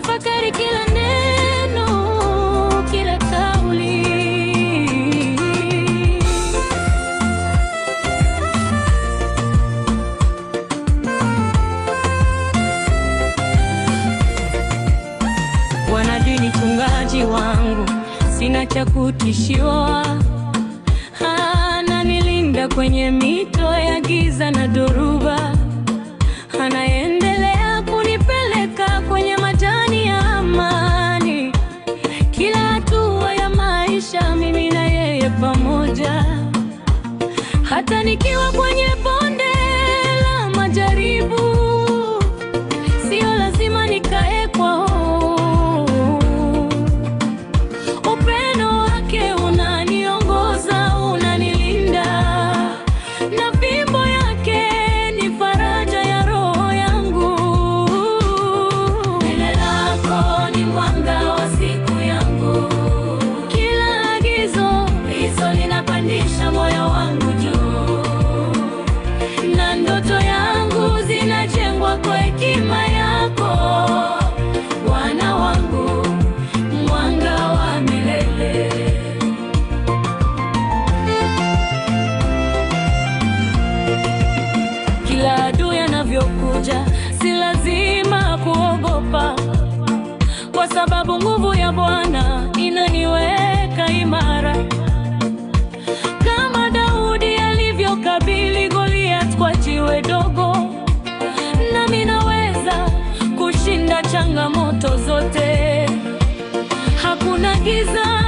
tafakari kila neno, kila kauli. Wanadini chungaji wangu, sina cha kutishiwa, ananilinda kwenye mito ya giza na dhoruba, anaye hata nikiwa kwenye bonde la majaribu, sio lazima nikae kwao. Upendo wake unaniongoza, unanilinda, na fimbo yake ni faraja ya roho yangu. Neno lako ni mwanga wa siku yangu, kila agizo hizo linapandisha moyo kila adui anavyokuja, si lazima kuogopa, kwa sababu nguvu ya Bwana inaniweka imara. Kama Daudi alivyokabili Goliath kwa jiwe dogo, nami naweza kushinda changamoto zote. Hakuna giza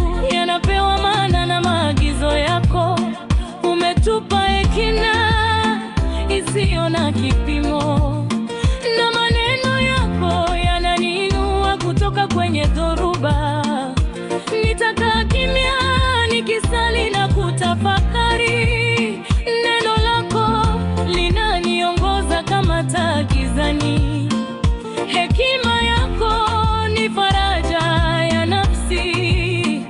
kwenye dhoruba, nitakaa kimya nikisali na kutafakari. Neno lako linaniongoza kama taa gizani, hekima yako ni faraja ya nafsi,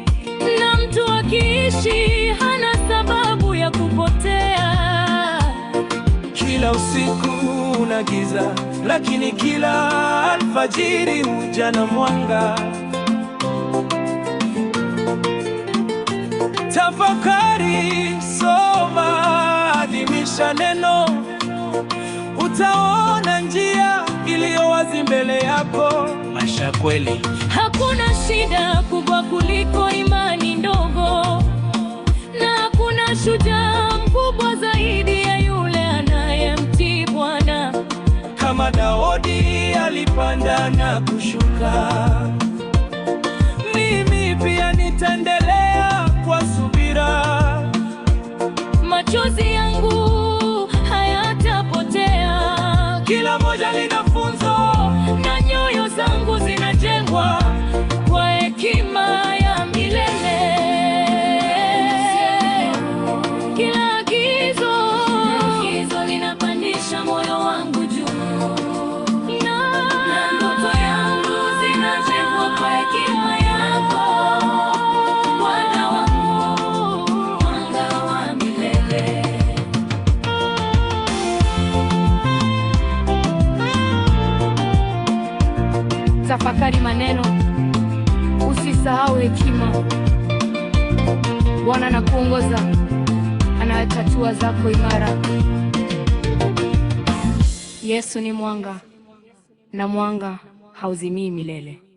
na mtu akiishi hana sababu ya kupotea. Kila usiku una giza lakini kila alfajiri huja na mwanga. Tafakari, soma, adhimisha neno, utaona njia iliyo wazi mbele yako. Maisha kweli, hakuna shida kubwa kuliko imani ndogo, na hakuna shujaa kama Daudi alipanda na kushuka tafakari maneno, usisahau hekima. Bwana anakuongoza, anaweka zako imara. Yesu ni mwanga na mwanga hauzimii milele.